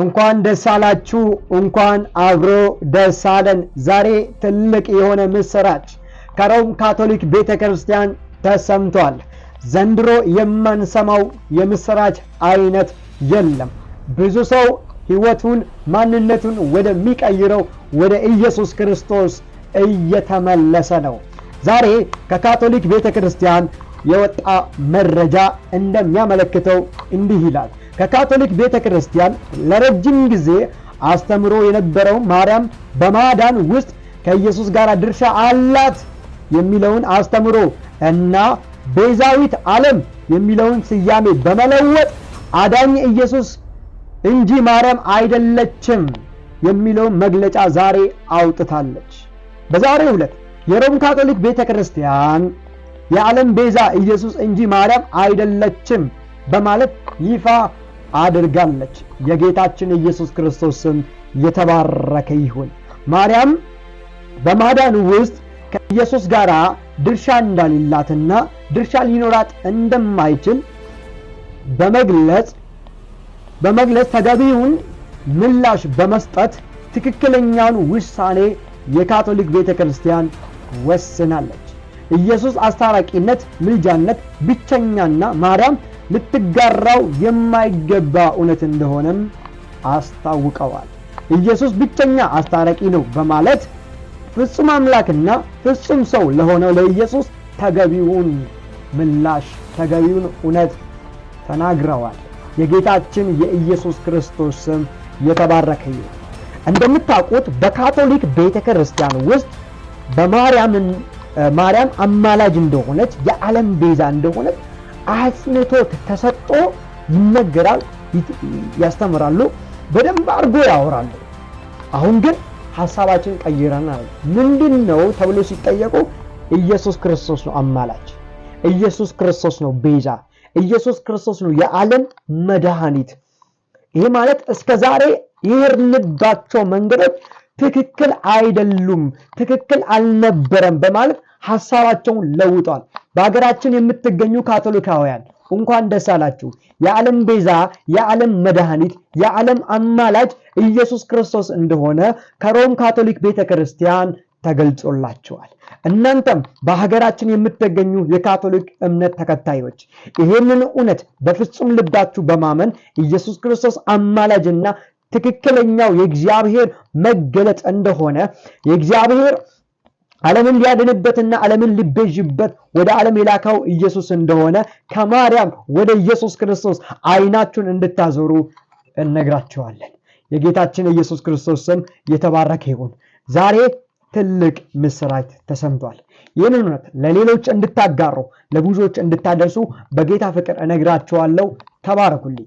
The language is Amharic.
እንኳን ደስ አላችሁ፣ እንኳን አብሮ ደስ አለን። ዛሬ ትልቅ የሆነ ምስራች ከሮም ካቶሊክ ቤተ ክርስቲያን ተሰምቷል። ዘንድሮ የማንሰማው የምስራች አይነት የለም። ብዙ ሰው ሕይወቱን ማንነቱን ወደሚቀይረው ወደ ኢየሱስ ክርስቶስ እየተመለሰ ነው። ዛሬ ከካቶሊክ ቤተ ክርስቲያን የወጣ መረጃ እንደሚያመለክተው እንዲህ ይላል። ከካቶሊክ ቤተ ክርስቲያን ለረጅም ጊዜ አስተምሮ የነበረው ማርያም በማዳን ውስጥ ከኢየሱስ ጋር ድርሻ አላት የሚለውን አስተምሮ እና ቤዛዊት ዓለም የሚለውን ስያሜ በመለወጥ አዳኝ ኢየሱስ እንጂ ማርያም አይደለችም የሚለውን መግለጫ ዛሬ አውጥታለች። በዛሬው ዕለት የሮም ካቶሊክ ቤተ ክርስቲያን የዓለም ቤዛ ኢየሱስ እንጂ ማርያም አይደለችም በማለት ይፋ አድርጋለች። የጌታችን ኢየሱስ ክርስቶስ ስም የተባረከ ይሁን። ማርያም በማዳኑ ውስጥ ከኢየሱስ ጋር ድርሻ እንዳሌላትና ድርሻ ሊኖራት እንደማይችል በመግለጽ በመግለጽ ተገቢውን ምላሽ በመስጠት ትክክለኛውን ውሳኔ የካቶሊክ ቤተ ክርስቲያን ወስናለች። ኢየሱስ አስታራቂነት፣ ምልጃነት ብቸኛና ማርያም ልትጋራው የማይገባ እውነት እንደሆነም አስታውቀዋል። ኢየሱስ ብቸኛ አስታራቂ ነው በማለት ፍጹም አምላክና ፍጹም ሰው ለሆነው ለኢየሱስ ተገቢውን ምላሽ ተገቢውን እውነት ተናግረዋል። የጌታችን የኢየሱስ ክርስቶስ ስም የተባረከ ይሁን። እንደምታውቁት በካቶሊክ ቤተ ክርስቲያን ውስጥ በማርያም ማርያም አማላጅ እንደሆነች የዓለም ቤዛ እንደሆነች አጽንቶት ተሰጦ ይነገራል፣ ያስተምራሉ፣ በደንብ አድርጎ ያወራሉ። አሁን ግን ሀሳባችን ቀይረናል። ምንድን ነው ተብሎ ሲጠየቁ ኢየሱስ ክርስቶስ ነው አማላች፣ ኢየሱስ ክርስቶስ ነው ቤዛ፣ ኢየሱስ ክርስቶስ ነው የዓለም መድኃኒት። ይሄ ማለት እስከ ዛሬ የሄድንባቸው መንገዶች ትክክል አይደሉም፣ ትክክል አልነበረም በማለት ሀሳባቸውን ለውጧል። በሀገራችን የምትገኙ ካቶሊካውያን እንኳን ደስ አላችሁ። የዓለም ቤዛ፣ የዓለም መድኃኒት፣ የዓለም አማላጅ ኢየሱስ ክርስቶስ እንደሆነ ከሮም ካቶሊክ ቤተ ክርስቲያን ተገልጾላችኋል። እናንተም በሀገራችን የምትገኙ የካቶሊክ እምነት ተከታዮች ይህንን እውነት በፍጹም ልባችሁ በማመን ኢየሱስ ክርስቶስ አማላጅና ትክክለኛው የእግዚአብሔር መገለጥ እንደሆነ የእግዚአብሔር ዓለምን ሊያድንበትና ዓለምን ሊቤዥበት ወደ ዓለም የላከው ኢየሱስ እንደሆነ ከማርያም ወደ ኢየሱስ ክርስቶስ አይናችሁን እንድታዞሩ እነግራችኋለን። የጌታችን ኢየሱስ ክርስቶስ ስም የተባረከ ይሁን። ዛሬ ትልቅ ምስራች ተሰምቷል። ይህን እውነት ለሌሎች እንድታጋሩ፣ ለብዙዎች እንድታደርሱ በጌታ ፍቅር እነግራችኋለሁ። ተባረኩልኝ።